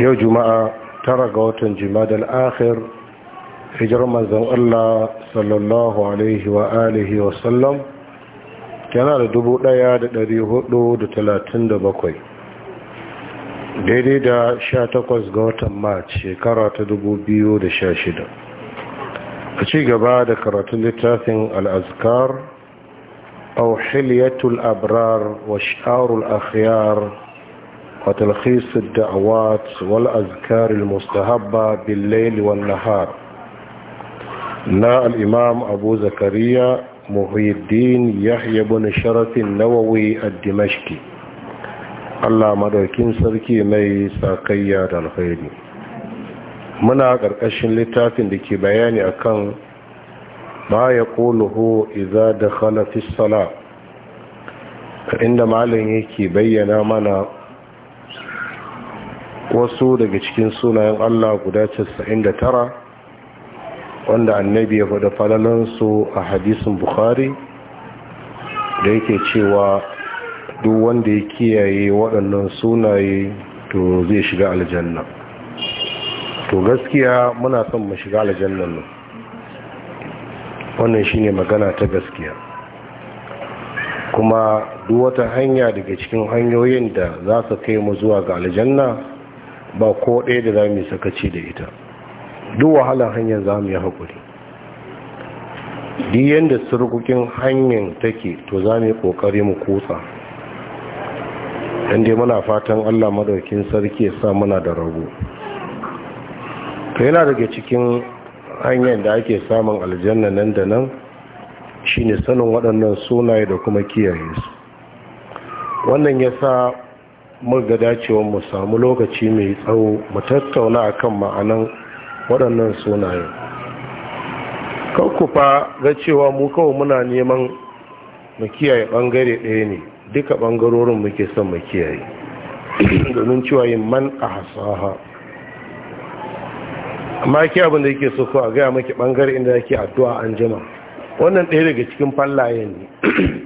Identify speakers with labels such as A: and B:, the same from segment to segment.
A: yau juma'a tara ga watan dal akhir hijirar manzan Allah sallallahu alaihi wa alihi wa sallam yana da dubu ɗaya da ɗari hudu da talatin da bakwai daidai da sha takwas ga watan march shekara ta dubu biyu da sha shida a ci gaba da karatun littafin al'azkar أو حلية wa وشعار الأخيار وتلخيص الدعوات والأذكار المستهبة بالليل والنهار نا الإمام أبو زكريا محي الدين يحيى بن شرف النووي الدمشقي الله مدركين سركي مي ساقيا الخير muna ƙarƙashin littafin da ke bayani akan ma ya ƙoluhu iza da khalafis sala inda malin yake bayyana mana wasu daga cikin sunayen Allah guda casa'in da tara, wanda annabi ya faɗa falalansu a hadisin bukhari da yake cewa duk wanda ya kiyaye waɗannan sunaye to zai shiga aljanna to gaskiya muna son mu shiga aljannan nan wannan shine magana ta gaskiya kuma duk wata hanya daga cikin hanyoyin da za su kai mu zuwa ga aljanna ba ko ɗaya da za mu sakaci da ita duk wahala hanyar za mu yi haƙuri duk yadda surgukin hanyar take to za mu yi ƙoƙari mu kutsa inda muna fatan allah maɗaukin sarki ya sa muna da rago to yana daga cikin hanyar da ake samun aljanna nan da nan shine sanin waɗannan sunaye da kuma kiyaye su wannan ya sa muka dacewa mu samu lokaci mai tsawo mu tattauna kan ma'anan waɗannan sunayen kakufa ga cewa mu kawai muna neman mu kiyaye ɓangare ɗaya ne duka ɓangarorin muke son mu kiyaye domin cewa yin man a hasaha amma ki abin da yake so ko a gaya maki ɓangare inda yake addu'a an jima wannan ɗaya daga cikin fallayen ne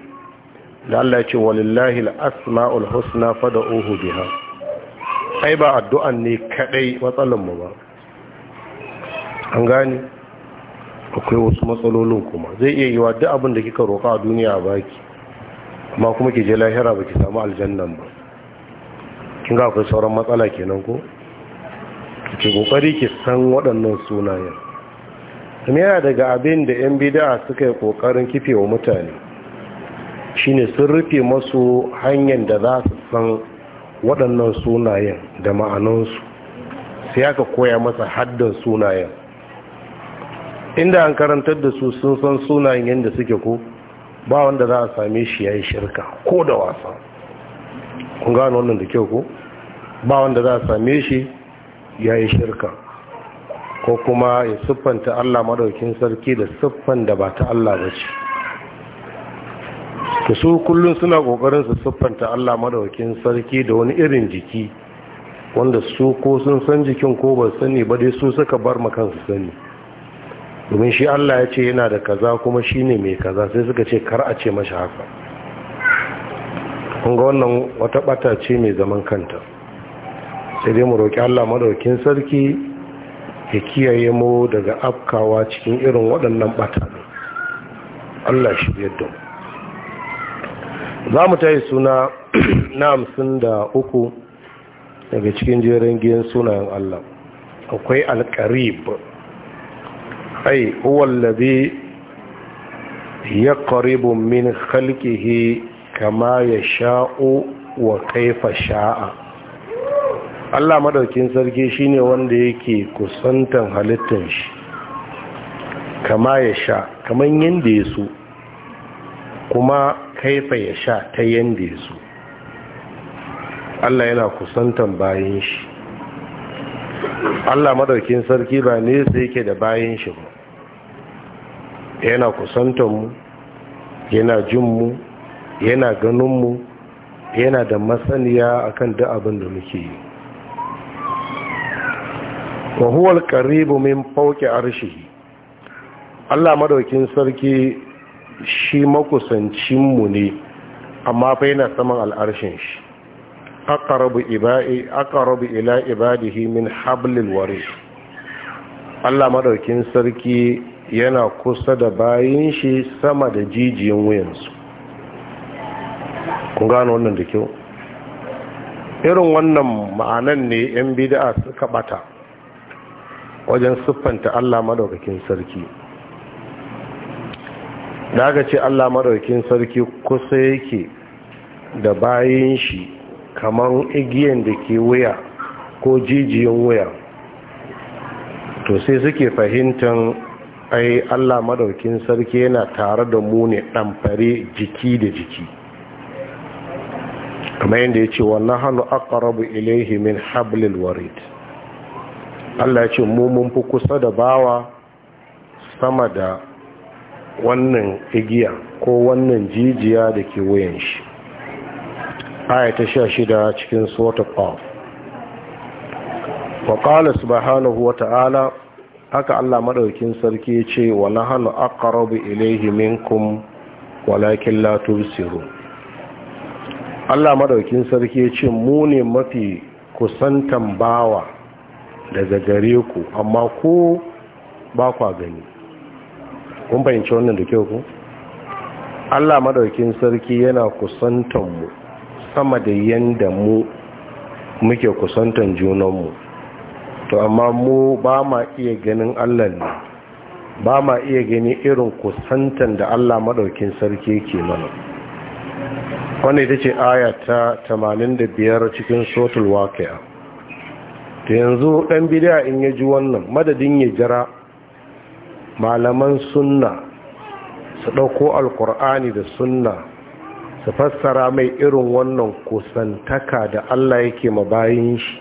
A: da Allah ya ce walillahi al-asma'ul husna ohu biha ai ba addu'an ne kaɗai matsalan mu ba an gani akwai wasu matsalolin kuma zai iya yiwa duk abin da kika roƙa a duniya baki amma kuma ki je lahira ki samu aljannan ba kin ga akwai sauran matsala kenan ko ke kokari ki san waɗannan sunayen kuma yana daga abin da yan bid'a suka yi kokarin wa mutane shine sun rufe masu hanyar da za su san waɗannan sunayen da ma'anansu sai aka koya masa haddan sunayen inda an karantar da su sun san sunayen yadda suke ko ba wanda za a same shi ya yi shirka ko da wasa kun gano wannan da kyau ko ba wanda za a same shi ya yi shirka ko kuma ya siffanta allah maɗaukin sarki da siffan da ba ta allah ba ce to su kullum suna kokarin su siffanta Allah madaukakin sarki da wani irin jiki wanda su ko sun san jikin ko ba sani ba dai su suka bar kansu sani domin shi Allah ya ce yana da kaza kuma shi ne mai kaza sai suka ce kar a ce mashi haka kun ga wannan wata bata ce mai zaman kanta sai dai mu roƙi Allah madaukakin sarki ya kiyaye mu daga afkawa cikin irin waɗannan bata Allah shi yadda mu za mu tayi suna na hamsin da uku daga cikin jerin giyan sunayen Allah akwai alkarib ai huwallazi ya karibu min halkihi kama ya sha'u wa kaifa sha'a Allah madaukin sarki shi ne wanda yake kusantan halittar shi kama ya sha kaman yanda ya so kuma kaifa ya sha ta yanda ya so Allah yana kusantan bayan shi Allah madaukin sarki ba nesa yake da bayan shi ba yana kusantan yana jin yana ganin yana da masaniya akan duk abin da muke yi wahuwar karibu min fauke arshi Allah madaukin sarki shi makusancinmu ne amma fa yana saman al'arshin shi aqrabu ibai ila ibadihi min hablil warid Allah madaukin sarki yana kusa da bayin shi sama da jijiyan wuyansu kun gano wannan da kyau irin wannan ma'anan ne 'yan bida suka bata wajen siffanta Allah madaukakin sarki da aka ce allah Maɗaukin sarki kusa yake da bayan shi kamar igiyan da ke wuya ko jijiyan wuya to sai suke fahimtar ai allah Maɗaukin sarki yana tare da mu ne fare jiki da jiki kamar yadda ya ce wannan hannu rabu ilaihi min hablil warid allah ya ce mu mun fi kusa da bawa sama da wannan igiya ko wannan jijiya da ke wuyan shi ayata sha shida cikin sota ƙaf waƙala subhanahu huwa ta'ala haka allah maɗaukin sarki ce wa na hannu aqrabu ilaihi minkum walakin la siru allah maɗaukin sarki ce mu ne mafi kusantan bawa daga gare ku amma ko ba kwa gani kun fahimci wannan da kyau ku Allah madaukin sarki yana kusantan mu sama da yanda mu muke kusantan junan mu to amma mu ba ma iya ganin Allah ne ba ma iya gani irin kusantar da Allah madaukin sarki yake mana wannan ita ce aya ta 85 cikin suratul waqi'a to yanzu dan bid'a in ya ji wannan madadin ya jira malaman sunna su ɗauko alkur'ani da sunna su fassara mai irin wannan kusantaka da allah yake mabayin shi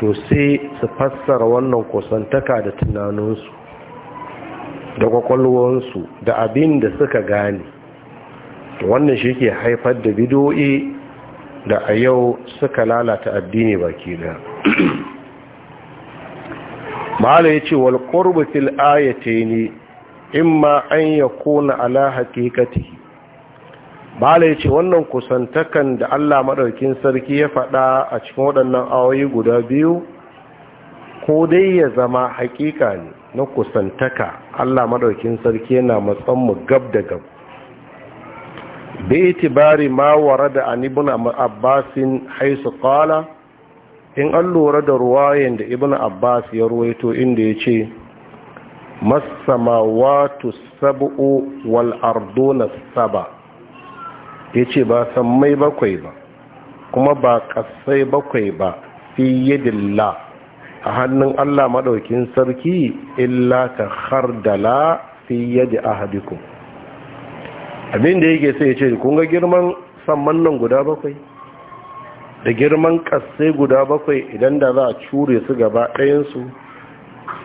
A: to sai su fassara wannan kusantaka da tunaninsu da kwakwalwansu da abin da suka gane wannan shi ke haifar da bidoyi da a yau suka lalata addini baki daya ma'ala ya ce wal ƙorbu fil ne in ma an ya kona ala hakikati ma'ala ya ce wannan kusantakan da allah maɗaukin sarki ya faɗa a cikin waɗannan awayi guda biyu ko dai ya zama haƙiƙa ne na kusantaka allah maɗaukin sarki yana matsan mu gab da gab bi itibari ma warada an ibn abbasin haisu qala in an lura da ruwayen da ibn abbas ya ruwaito inda ya ce masamawatu sabu'u wal arduna saba ya ce ba sammai bakwai ba kuma ba kasai bakwai ba fi yadilla a hannun allah maɗaukin sarki illa ka hardala fi yadi ahadikum abin da yake sai ya ce kun ga girman samman nan guda bakwai da girman ƙasai guda bakwai idan da za a cure su gaba ɗayansu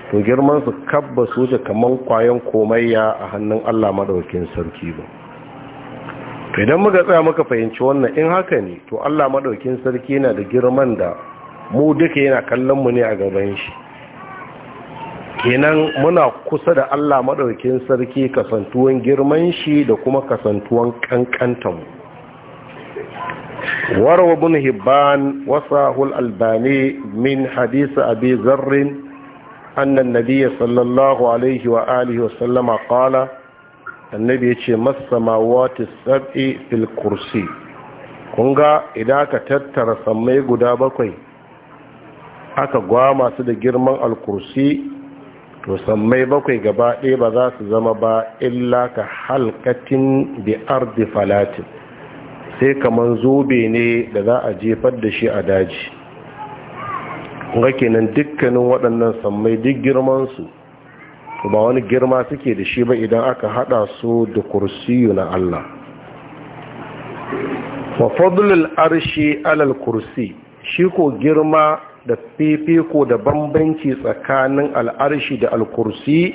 A: to girman su kabba su ce kamar kwayan komayya a hannun allah maɗaukin sarki ba to idan muka tsaya muka fahimci wannan in haka ne to allah maɗaukin sarki yana da girman da mu duka yana kallon mu ne a gaban shi kenan muna kusa da allah maɗaukin sarki kasantuwan girman shi da kuma kasantuwan kankantan mu وروى ابن هبان وصاه الألباني من حديث أبي ذر أن النبي صلى الله عليه وآله وسلم قال النبي يتشي ما kunga idan aka tattara sammai guda bakwai aka gwama su da girman alkursi to sammai bakwai gaba ɗaya ba za su zama ba illa ka halkatin bi ardi falatin sai kamar zobe ne da za a jefar da shi a daji ga kenan dukkanin waɗannan sammai duk girmansu ba wani girma suke da shi ba idan aka hada su da kursiyu na Allah wa fadlul arshi alal kursi shi ko girma da fifiko da bambanci tsakanin al'arshi da al-kursi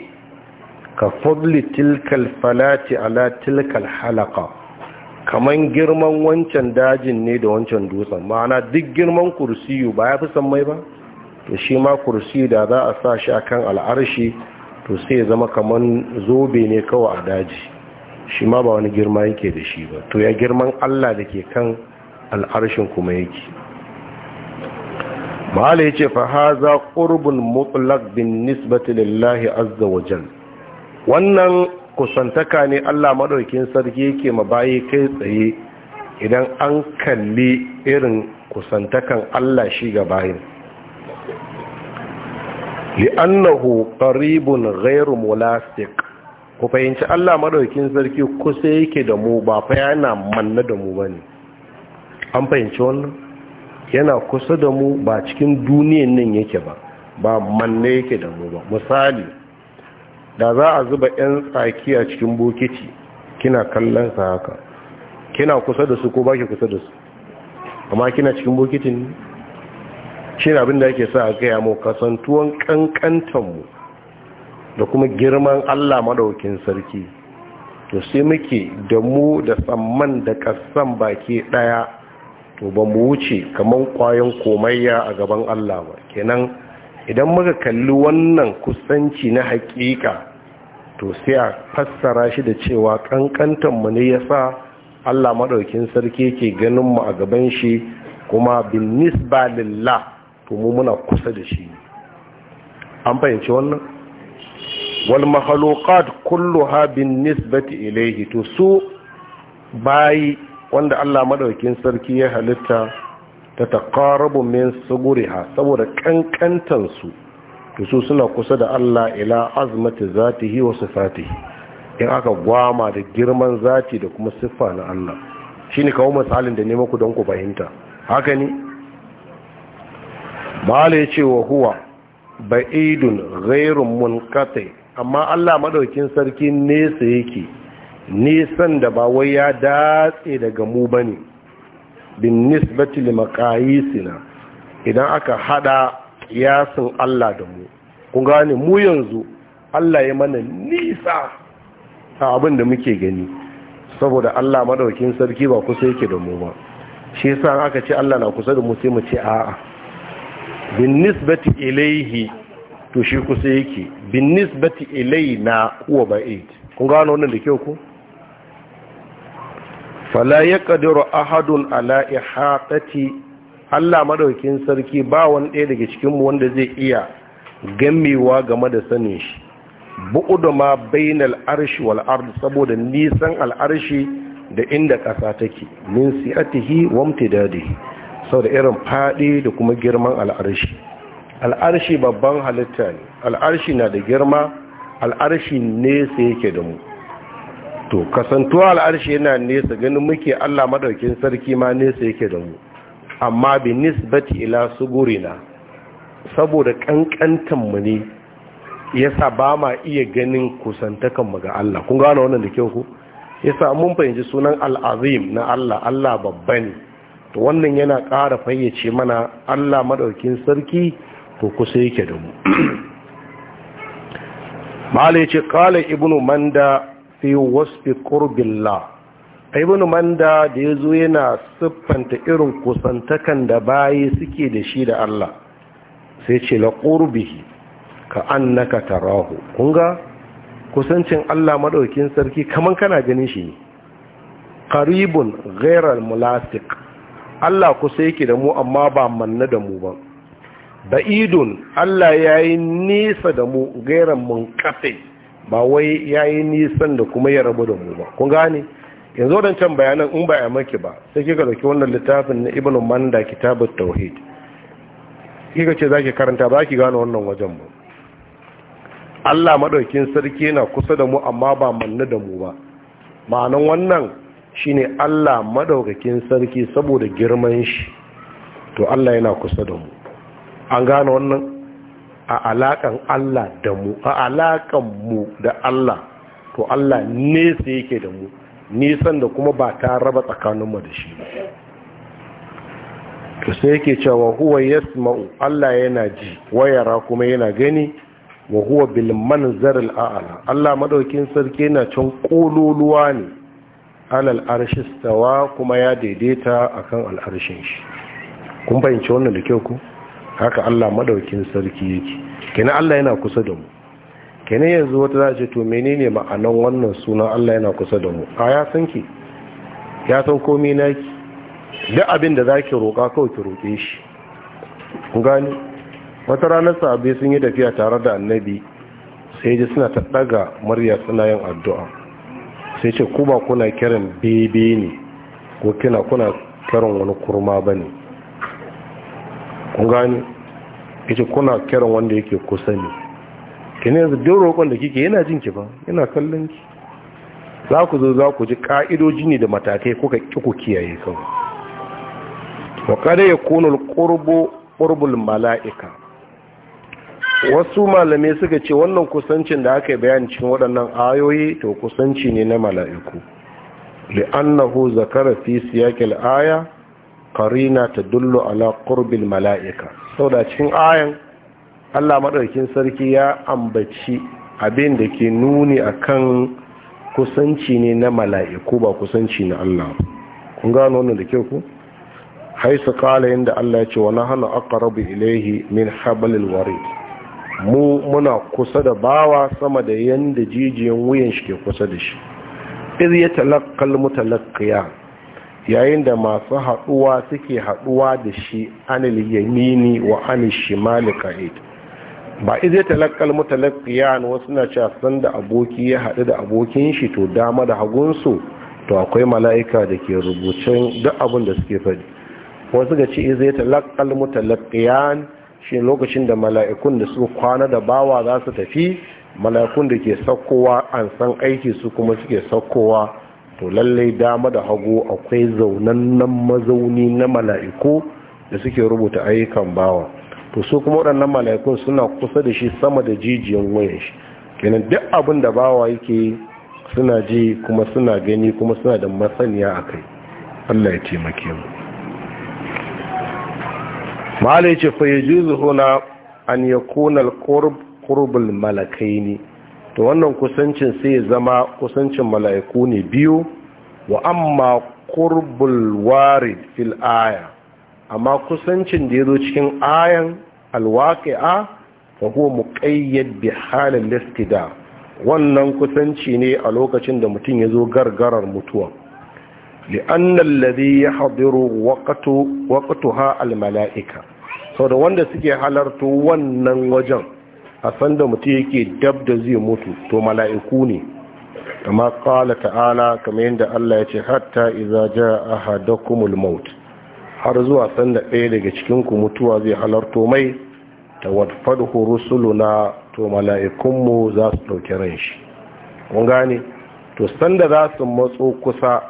A: ka fadli tilkal falati ala tilkal halaka kaman girman wancan dajin ne da wancan dutsen ma'ana duk girman kursiyu ba ya fi sammai ba to shi ma kursiyu da za a sa shi a kan al'arshi to sai ya zama kaman zobe ne kawai a daji shi ma ba wani girma yake da shi ba to ya girman Allah da ke kan al'arshin kuma yake mahala ya ce fa haza qurbun mutlaq bin nisbati lillahi azza wajen. wannan kusantaka ne Allah maɗaukin sarki yake mabaye kai tsaye idan an kalli irin kusantakan Allah shi ga bayin li'annahu qaribun ghairu mulasik ku fahimci Allah maɗaukin sarki kusa yake da mu ba fa yana manna da mu bane an fahimci wannan yana kusa da mu ba cikin duniyan nan yake ba ba manne yake da mu ba misali da za a zuba 'yan tsaki a cikin bokiti kina kallon sa haka kina kusa da su ko ba ke kusa da su amma kina cikin bokitin ne shi abin da ake sa a gaya mu kasantuwan kankantanmu da kuma girman allah maɗaukin sarki to sai muke da mu da tsamman da kasan baki ɗaya to ba mu wuce kamar kwayan komayya a gaban allah ba kenan idan muka kalli wannan kusanci na hakika to sai a fassara shi da cewa mu ne yasa allah maɗaukin sarki yake ganin mu a gaban shi kuma bin nisba lillah to mu muna kusa da shi an fahimci wannan wal makhluqat kulluha bin nisbati ilayhi to su bayi wanda allah Madaukin sarki ya halitta ta taƙarabu min ha saboda ƙanƙantansu da su suna kusa da Allah ila azmati zatihi wa sifatihi in aka gwama da girman zati da kuma siffa na Allah shi ne kawo misalin da ne maku don ku fahimta haka ne ya ce wa huwa ba'idun ghairun katai amma Allah maɗaukin sarki nesa yake nisan da ba wai ya datse daga mu ba ne. bin nisbati limakayisina idan aka hada yasin Allah da mu kun gane mu yanzu Allah ya mana nisa a abin da muke gani saboda Allah madaukin sarki ba kusa yake da mu ba shi yasa aka ce Allah na kusa da mu sai mu ce a'a bin nisbati ilaihi to shi kusa yake bin nisbati ilaina huwa ba'id kun gane wannan da kyau ko fala ya ƙadiru ahadun ala ihatati Allah maɗaukin sarki ba wani ɗaya daga cikinmu wanda zai iya gamewa game da sanin shi bu'u da ma bainal al'arshi wal ard saboda nisan al'arshi da inda ƙasa take min si'atihi wa sau saboda irin faɗi da kuma girman al'arshi al'arshi babban halitta ne al'arshi na da girma al'arshi ne sai yake da mu to kasantuwa al'arshi yana nesa ganin muke Allah madaukin sarki ma nesa yake da mu amma bi nisbati ila sugurina saboda kankantan mu ne yasa ba ma iya ganin kusantakan mu ga Allah kun gano wannan da kyau ku yasa mun fahimci sunan al'azim na Allah Allah babba ne to wannan yana ƙara fayyace mana Allah madaukin sarki to kusa yake da mu malai ce kala ibnu manda fi wasfi Ai ibn manda da ya zo yana siffanta irin kusantakan da bayi suke da shi da Allah sai ce la ƙurbihi ka annaka tarahu kunga kusancin Allah maɗaukin sarki kaman kana ganin shi ne qaribun gairar mulasik Allah kusa yake da mu amma ba manna da mu ba ba'idun Allah ya yi nesa da mu mun ƙafai ba wai ya yi nisan da kuma ya rabu da mu ba kun gane yanzu can bayanan in ba a maki ba sai kika dauki wannan littafin na ibn manda kitabut tauhid kika ce zaki karanta ba ki gane wannan wajen ba Allah madaukin sarki yana kusa da mu amma ba manna da mu ba ma'anan wannan shine Allah madaukakin sarki saboda girman shi to Allah yana kusa da mu an gane wannan a alakan Allah da mu a alakan mu da Allah to Allah nesa yake da mu nisan da kuma ba ta raba tsakaninmu da shi to sai yake cewa huwa yasma'u Allah yana ji wayara kuma yana gani wa huwa bil manzar al a'la Allah madaukin sarki yana cin kololuwa ne alal arshi stawa kuma ya daidaita akan al arshin shi kun fahimci wannan da kyau ko haka Allah madaukin sarki yake kenan Allah yana kusa da mu kenan yanzu wata za ce to menene ma'anan wannan sunan Allah yana kusa da mu a ya san ki ya san komai naki duk abin da zaki roƙa kawai ki roƙe shi ku gani wata ranar sahabbai sun yi tafiya tare da annabi sai ji suna ta daga murya suna yin addu'a sai ce ku ba kuna kiran bebe ne ko kina kuna kiran wani kurma bane kun gani ita kuna kiran wanda yake kusa ne kene yanzu duk roƙon da kike yana jin ki ba yana kallon ki za ku zo za ku ji ka'idoji ne da matakai kuka ki ku kiyaye kawai wa kada yakunu al-qurbu qurbul mala'ika wasu malamai suka ce wannan kusancin da aka yi bayani cikin waɗannan ayoyi to kusanci ne na mala'iku li'annahu zakara fi siyaqil aya karina ta dullo ala ƙurbin mala'ika sau da cikin ayan allah maɗaukin sarki ya ambaci abin da ke nuni akan kusanci ne na mala'iku ba kusanci na allah kun gano wannan da kyau ku haisu kala yadda allah ya ce wani hana rabu ilaihi min habalil warid mu muna kusa da bawa sama da yanda jijiyan wuyan shi ke kusa da shi iz ya talaqqal yayin da masu haɗuwa suke haɗuwa da shi anil yamini wa anil shimali qa'id ba izai talakkal mutalaqqiyan wasu na cewa san da aboki ya haɗu da abokin shi to dama da hagunsu to akwai mala'ika da ke rubucin duk abin da suke faɗi wasu ga ce izai talakkal mutalaqqiyan shi lokacin da mala'ikun da su kwana da bawa za su tafi mala'ikun da ke sakkowa an san aiki su kuma suke sakkowa to lallai dama da hagu akwai zaunannan mazauni na mala'iku da suke rubuta ayyukan bawa to su kuma waɗannan mala'ikun suna kusa da shi sama da jijiyan wayan shi kenan duk abin da bawa yake suna ji kuma suna gani kuma suna da masaniya a kai allah ya taimake mu malai ce fa yajuzu huna an yakuna al-qurb qurbul malakaini to wannan kusancin sai zama kusancin mala'iku ne biyu wa amma qurbul warid fil aya amma kusancin da yazo cikin ayan alwaqi'a fa huwa muqayyad bi halil listida wannan kusanci ne a lokacin da mutum yazo gargarar mutuwa li'anna alladhi yahduru waqtu waqtaha al mala'ika saboda wanda suke halarto wannan wajen a sanda mutum yake dab da zai mutu to mala'iku ne amma kala ta'ala kamar yadda Allah ya ce hatta iza ja ahadakumul maut har zuwa sanda ɗaya daga cikin mutuwa zai halarto mai ta tawadfadhu rusuluna to mala'ikunmu za su ɗauki ran shi kun gane to sanda za su matso kusa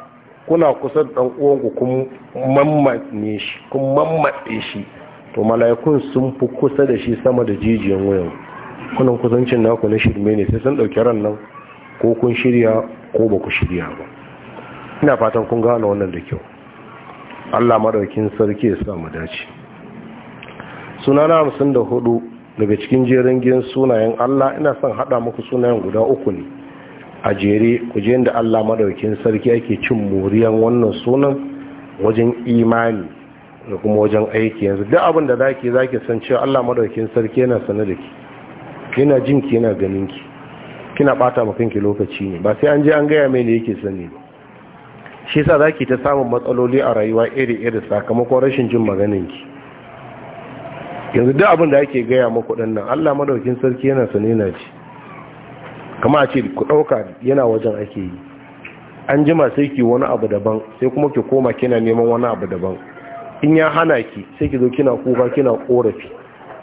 A: kuna kusa ɗan uwanku kun mammatse shi to mala'ikun sun fi kusa da shi sama da jijiyan wuyan kunan kusancin naku na shirme ne sai sun ɗauki ran nan ko kun shirya ko ba ku shirya ba ina fatan kun gane wannan da kyau allah maɗaukin sarki ya sa mu dace suna na hamsin da hudu daga cikin jerin gidan sunayen allah ina son haɗa muku sunayen guda uku ne a jere ku je da allah madaukin sarki ake cin moriyan wannan sunan wajen imani da kuma wajen aiki yanzu duk abin da zaki zaki san cewa allah madaukin sarki yana sane da ke. yana jin ki yana ganin ki kina bata ma kanki lokaci ne ba sai an je an gaya mai ne yake sani ba shi yasa zaki ta samun matsaloli a rayuwa iri-iri sakamakon rashin jin maganin ki yanzu duk abin da ake gaya muku dan nan Allah madaukin sarki yana sane na ji kama a ce ku dauka yana wajen ake yi an jima sai ki wani abu daban sai kuma ki koma kina neman wani abu daban in ya hana ki sai ki zo kina kuka kina korafi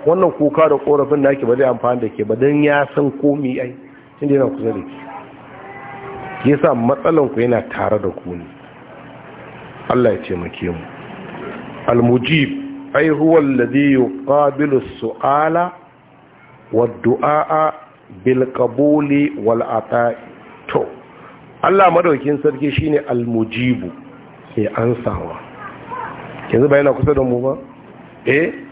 A: wannan kuka da korafin da ake ba zai amfani da ke ba don ya san komi ai inda yana kusa da ke sa matsalanku yana tare da ku Allah ya taimake mu al ai huwa lade yi suala wa du'a'a bilkaboli wal'ata to Allah madaukin sarki shine al-mujibu sai ansawa yanzu ba yana kusa da mu ba eh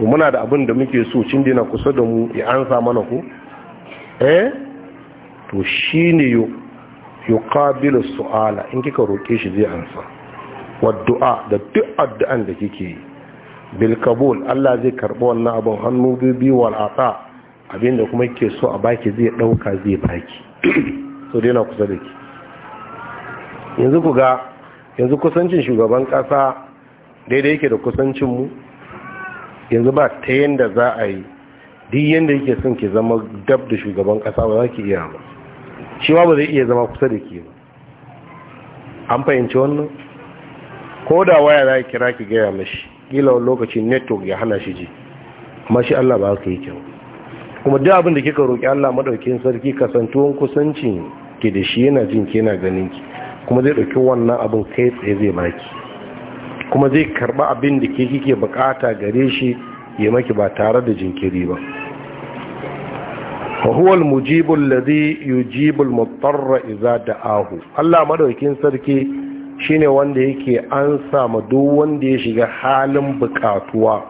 A: to muna da abin da muke so cin na kusa da mu ya ansa mana ku eh to ne yo kabila su'ala in kika roƙe shi zai ansa wa du'a da duk addu'an da kike yi bil Allah zai karbi wannan abin hannu bibi wal abin abinda kuma ke so a baki zai ɗauka zai baki so dai na kusa da ki yanzu ku ga yanzu kusancin shugaban ƙasa daidai yake da kusancin mu yanzu ba ta yadda za a yi duk yadda yake son ki zama dab da shugaban kasa ba za ki iya ba shi ma ba zai iya zama kusa da ke ba an fahimci wannan ko da waya za ki kira ki gaya mashi kila wani lokaci network ya hana shi ji amma shi Allah ba ka yi kyau kuma duk abin da kika roƙi Allah madaukakin sarki kasantuwan kusancin ki da shi yana jin ki yana ganin ki kuma zai ɗauki wannan abin kai tsaye zai baki kuma zai karba abin da ke kike bukata gare shi ya maki ba tare da jinkiri ba fa huwa al-mujibu alladhi yujibu al-muttarra idza da'ahu Allah madaukin sarki shine wanda yake ansa ma duk wanda ya shiga halin bukatuwa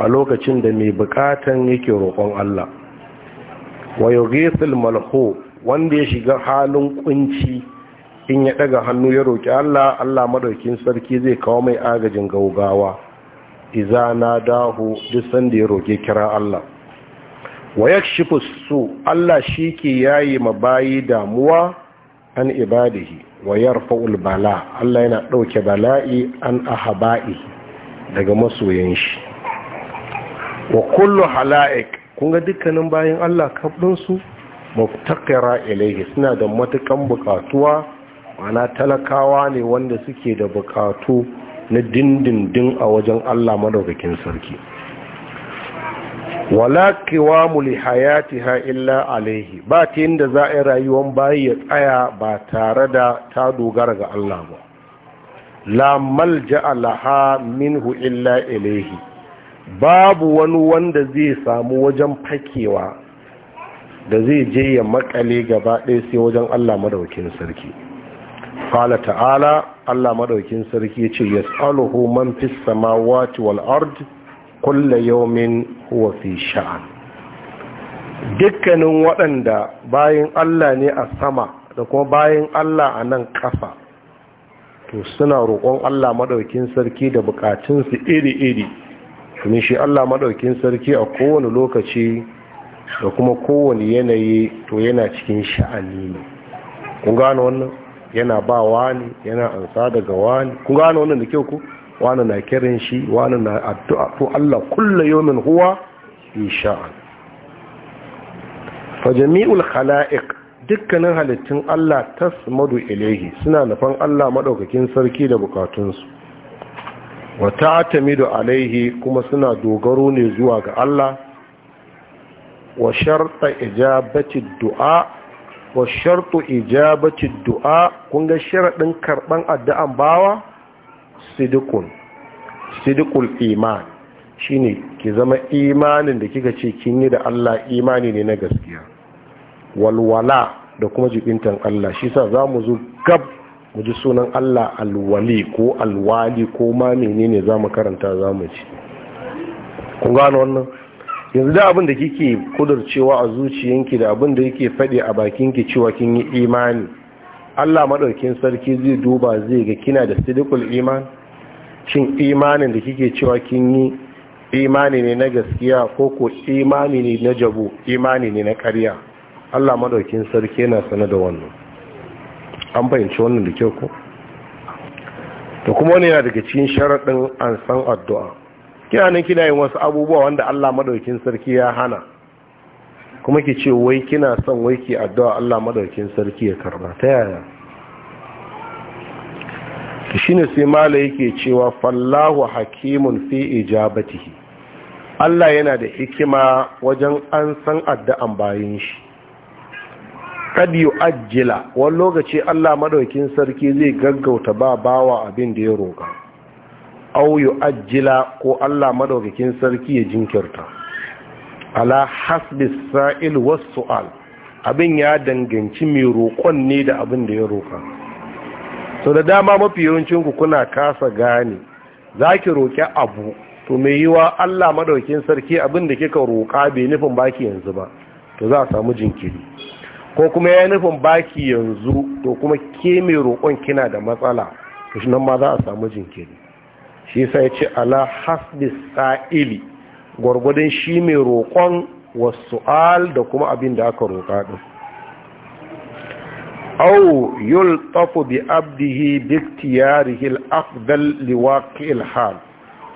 A: a lokacin da mai bukatan yake roƙon Allah wa yughithul malhu wanda ya shiga halin kunci in ya daga hannu ya roki Allah Allah madaukin sarki zai kawo mai agajin gaugawa iza na dahu duk sanda ya roƙe kira Allah wa yakshifu su Allah shi ke yayi bayi damuwa an ibadihi wa yarfa'ul bala Allah yana dauke bala'i an ahaba'i daga masoyan shi wa kullu hala'ik kun ga dukkanin bayan Allah kafin su muftaqira ilaihi suna da matukan bukatuwa mana talakawa ne wanda suke da bukatu na dindindin a wajen Allah madaukakin sarki wala qiwamu li hayatiha illa alaihi ba ta za a yi rayuwar bayi ya tsaya ba tare da ta dogara ga Allah ba la malja'a laha minhu illa ilaihi babu wani wanda zai samu wajen fakewa da zai je ya makale gaba ɗaya sai wajen Allah madaukakin sarki qala ta'ala Allah madaukin sarki yace yas'aluhu man fis samawati wal ard kullu yawmin huwa fi sha'an dukkanin waɗanda bayan Allah ne a sama da kuma bayan Allah a nan ƙasa to suna roƙon Allah madaukin sarki da buƙatunsu iri-iri kuma shi Allah madaukin sarki a kowane lokaci da kuma kowane yanayi to yana cikin sha'ani ne kun gano wannan yana ba wani yana ansa daga wani kun gano wannan da kyau ku wani na kirin shi wani na addu'a to Allah kullu yawmin huwa Allah fa jami'ul khala'iq dukkanin halittun Allah tasmadu ilayhi suna nufan Allah madaukakin sarki da bukatunsu wa ta'tamidu alayhi kuma suna dogaro ne zuwa ga Allah wa sharta ijabati du'a wa shartu ijabati du'a kun ga sharadin karban addu'an bawa sidqun sidiqul iman shine ki zama imanin da kika ce kin yi da Allah imani ne na gaskiya walwala da kuma jibintan Allah shi sa zamu zo gab mu ji sunan Allah alwali ko alwali ko ma menene zamu karanta zamu ci kun gano wannan yanzu da abin da kike kudurcewa a zuciyanki da abin da yake faɗi a bakinki cewa kin yi imani Allah maɗaukin sarki zai duba zai ga kina da sidikul iman Cin imanin da kike cewa kin yi imani ne na gaskiya ko ko imani ne na jabo imani ne na ƙarya Allah maɗaukin sarki yana sanar da wannan an fahimci wannan da kyau ko to kuma ne yana daga cikin sharadin an san addu'a kina nan kina yin wasu abubuwa wanda Allah madaukin sarki ya hana kuma ki ce wai kina son wai ki addu'a Allah madaukin sarki ya karba ta yaya shine sai mala yake cewa fallahu hakimun fi ijabatihi Allah yana da hikima wajen an san addu'an bayin shi kad yu'ajjila wani lokaci Allah madaukin sarki zai gaggauta ba bawa abin da ya roƙa au ajjila ko Allah madaukakin sarki ya jinkirta ala hasbi sa'il was su'al abin ya danganci mai roƙon ne da abin da ya roƙa so da dama mafi yawancin ku kuna kasa gane zaki roƙi abu to mai yiwa Allah madaukakin sarki abin da kika roƙa bai nufin baki yanzu ba to za a samu jinkiri ko kuma ya nufin baki yanzu to kuma ke mai roƙon kina da matsala to shi nan ma za a samu jinkiri shi sai ce ala hasbi sa'ili gwargwadon shi mai roƙon wasu'al da kuma abin da aka roƙa din au yultafu bi abdihi bi ikhtiyarihi al-afdal liwaqi hal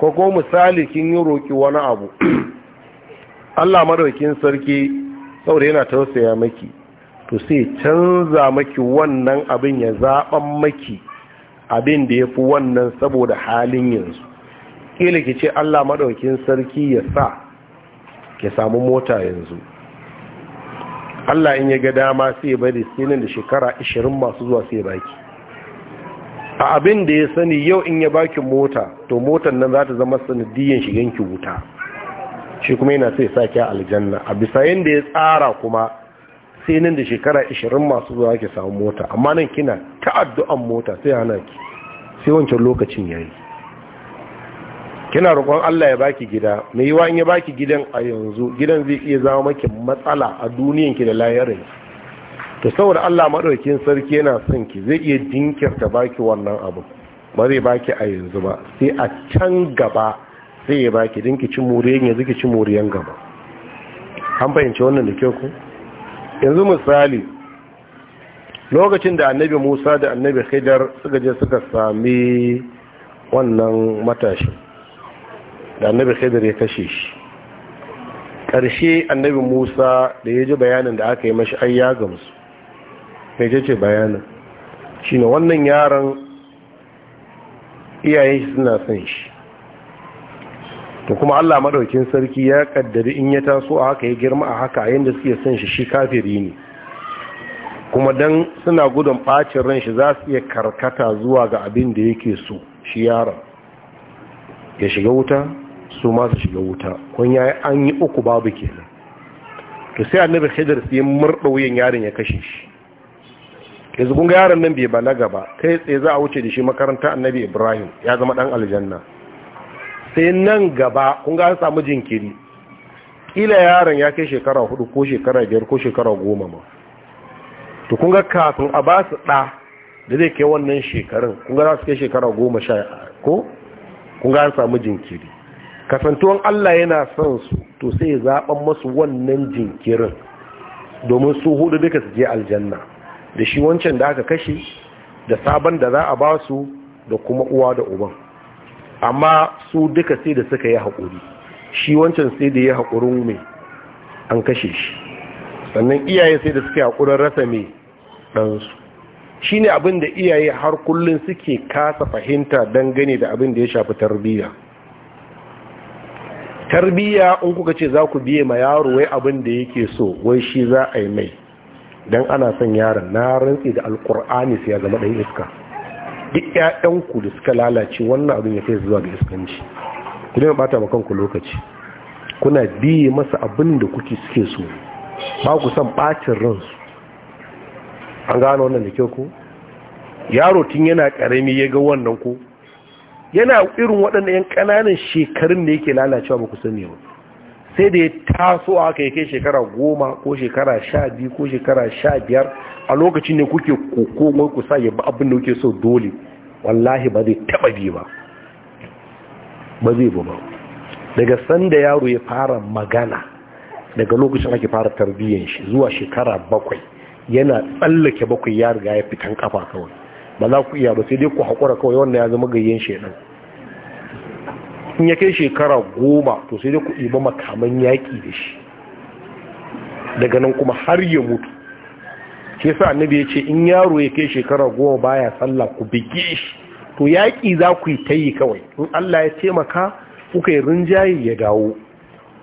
A: ko misali kin yi roƙi wani abu Allah madaukin sarki saboda yana tausaya maki to sai canza maki wannan abin ya zaɓan maki abin da ya fi wannan saboda halin yanzu ƙila ki ce allah maɗaukin sarki ya sa ki samu mota yanzu allah in ya ga dama sai ya bari sinin da shekara 20 masu zuwa sai baki a abin da ya sani yau in ya baki mota to motan nan za ta zama sanadiyyar shiganki wuta shi kuma yana sai sa ki aljanna a bisa da ya tsara kuma sai nan da shekara 20 masu zuwa ki samu mota amma nan kina ta addu'an mota sai hana ki sai wancan lokacin yayi kina roƙon Allah ya baki gida mai yiwa in ya baki gidan a yanzu gidan zai iya zama maki matsala a ki da layarin to saboda Allah madaukakin sarki yana son ki zai iya dinkirta baki wannan abu ba zai baki a yanzu ba sai a can gaba sai ya baki dinki ci muriyan yanzu ki ci muriyan gaba an fahimci wannan da kyau ko. yanzu misali lokacin da annabi musa da annabi khidar suka je suka sami wannan matashi da annabi khidar ya kashe shi ƙarshe annabi musa da ya ji bayanin da aka yi mashi ayya gamsu mai ce bayanin shi wannan yaron iyayen shi suna son shi to kuma Allah madaukin sarki ya kaddari in ya taso a haka ya girma a haka a yanda suke son shi shi kafiri ne kuma dan suna gudun bacin ran shi za su iya karkata zuwa ga abin da yake so shi yaron ya shiga wuta su ma su shiga wuta kun yayi an yi uku babu kenan to sai annabi khidr sai murda wuyan yaron ya kashe shi yanzu kun ga yaron nan bai balaga ba kai tsaye za a wuce da shi makaranta annabi Ibrahim ya zama dan aljanna sai nan gaba kun ga samu jinkiri kila yaron ya kai shekara hudu ko shekara biyar ko shekara goma ma to kun ga kafin a ba su ɗa da zai kai wannan shekarun kun ga su kai shekara goma sha ko kun ga samu jinkiri kasantuwan Allah yana son su to sai ya zaɓan masu wannan jinkirin domin su hudu duka su je aljanna da shi wancan da aka kashe da sabon da za a ba su da kuma uwa da uban amma su duka sai da suka yi haƙuri shi wancan sai da ya haƙurin mai an kashe shi sannan iyaye sai da suka yi haƙurin rasa mai ɗansu shi ne abin da iyaye har kullum suke kasa fahimta dangane da abin da ya shafi tarbiyya tarbiyya in kuka ce za ku biye ma yaro wai abin da yake so wai shi za a yi mai don ana son yaron na rantsi da alkur'ani sai ya zama ɗan iska duk ƴaƴanku da suka lalace wannan abin ya kai zuwa ga iskanci ku dai bata ma kanku lokaci kuna biye masa abin da kuke suke so ba ku san bacin ransu an gano wannan da kyau ko yaro tun yana karami ya ga wannan ko yana irin waɗannan yan ƙananan shekarun da yake lalacewa ba ku sani ba sai da ya taso aka kai shekara goma ko shekara sha biyu ko shekara sha biyar a lokacin ne kuke komai ku sa yabba abin da kuke so dole wallahi ba zai taba bi ba ba zai ba daga sanda yaro ya fara magana daga lokacin ake fara tarbiyyar shi zuwa shekara bakwai yana tsallake bakwai ya riga ya fitan kafa kawai ba za ku iya ba sai dai ku haƙura kawai wannan ya zama gayyen shedan in ya kai shekara goma to sai dai ku ba makaman yaƙi da shi daga nan kuma har ya mutu shi yasa annabi ya ce in yaro ya kai shekara goma baya sallah ku bige shi to yaƙi za ku yi ta kawai in Allah ya taimaka kuka yi rinjaye ya dawo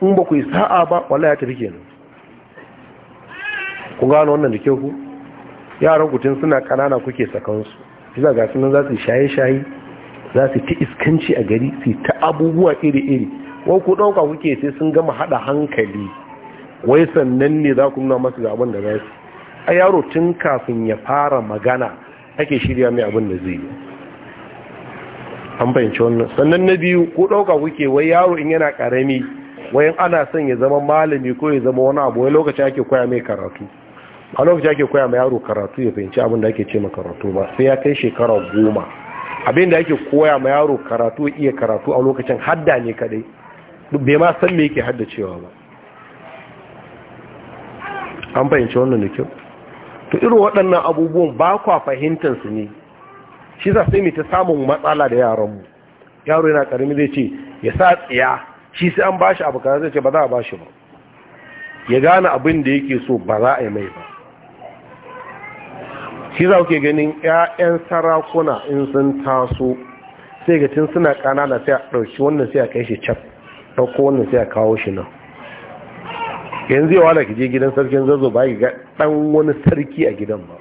A: in ba ku yi sa'a ba wala ya tafi kenan ku gano wannan da ke ku yaran kutun suna kanana kuke sakansu bisa ga sunan za su shaye-shaye za su ta iskanci a gari su ta abubuwa iri-iri wa ku ɗauka kuke sai sun gama haɗa hankali wai sannan ne za ku nuna masu ga abin da za su a yaro tun kafin ya fara magana ake shirya mai abin da zai yi an fahimci wannan sannan na biyu ko ɗauka kuke wai yaro in yana ƙarami wai ana son ya zama malami ko ya zama wani abu wai lokaci ake koya mai karatu a lokaci ake koya mai yaro karatu ya fahimci abin da ake ce ma karatu ba sai ya kai shekara goma abin da ake koya ma yaro karatu iya karatu a lokacin hadda ne kadai bai ma san me yake haddacewa ba an fahimci wannan da kyau to irin waɗannan abubuwan ba kwa fahimtansu ne shi za sai mu ta samun matsala da yaranmu yaro yana ƙarami zai ce ya sa tsiya shi sai an bashi abu kaza zai ce ba za a bashi ba ya gane abin da yake so ba za a yi mai ba shi za kuke ganin 'ya'yan sarakuna in sun taso sai ga tun suna ƙanana sai a ɗauki wannan sai a kai shi cap ɗauko wannan sai a kawo shi nan yanzu yawa da je gidan sarkin zazzau ba ga dan wani sarki a gidan ba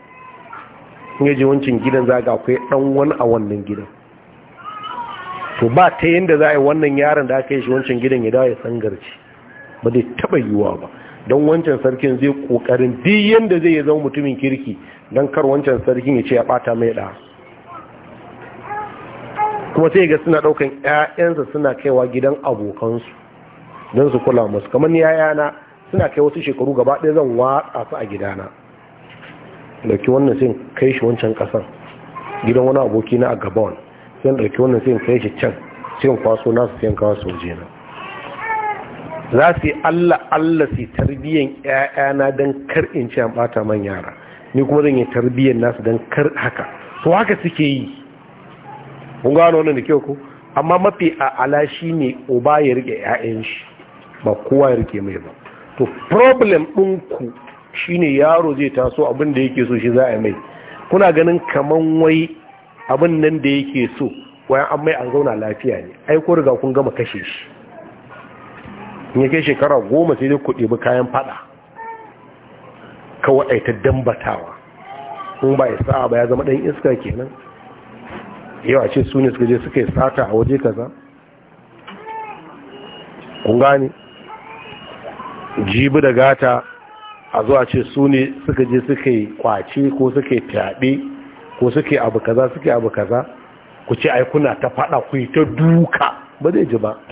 A: in yaji wancin gidan za ga akwai dan wani a wannan gidan to ba ta yadda za a yi wannan yaron da aka yi shi wancan gidan ya dawo ya sangarci ba zai taba yiwuwa ba don wancan sarkin zai kokarin duk yadda zai zama mutumin kirki don kar wancan sarkin ya ce ya bata mai da kuma sai ga suna daukan 'ya'yansa suna kaiwa gidan abokansu don su kula musu kamar 'ya'yana suna kai wasu shekaru gaba ɗaya zan watsa su a gidana dauki wannan sai kai shi wancan kasan gidan wani aboki na a gabon sai ɗauki wannan sai kai shi can sai kwaso nasu sai kawo su waje na za su yi allah allah su tarbiyyan ƴaƴana don kar in ci an bata man yara ni kuma zan yi tarbiyyan nasu don kar haka to haka suke yi kun gano wannan da kyau ko amma mafi a'ala ne uba ya rike ƴaƴan shi ba kowa ya rike mai ba to problem ɗinku shine yaro zai taso abin da yake so shi za a mai kuna ganin kamar wai abin nan da yake so wayan an mai an zauna lafiya ne ai ko riga kun gama kashe shi in yake shekara goma sai dai ku ɗebi kayan fada kawai ta dambatawa in ba ya sa'a ba ya zama ɗan iska kenan yawa ce su ne suka je suka yi sata a waje kaza kun gane jibi da gata a zuwa ce su ne suka je suka yi kwace ko suka yi ko suka yi abu kaza suka abu kaza ku ce aikuna ta faɗa ku yi ta duka ba zai ji ba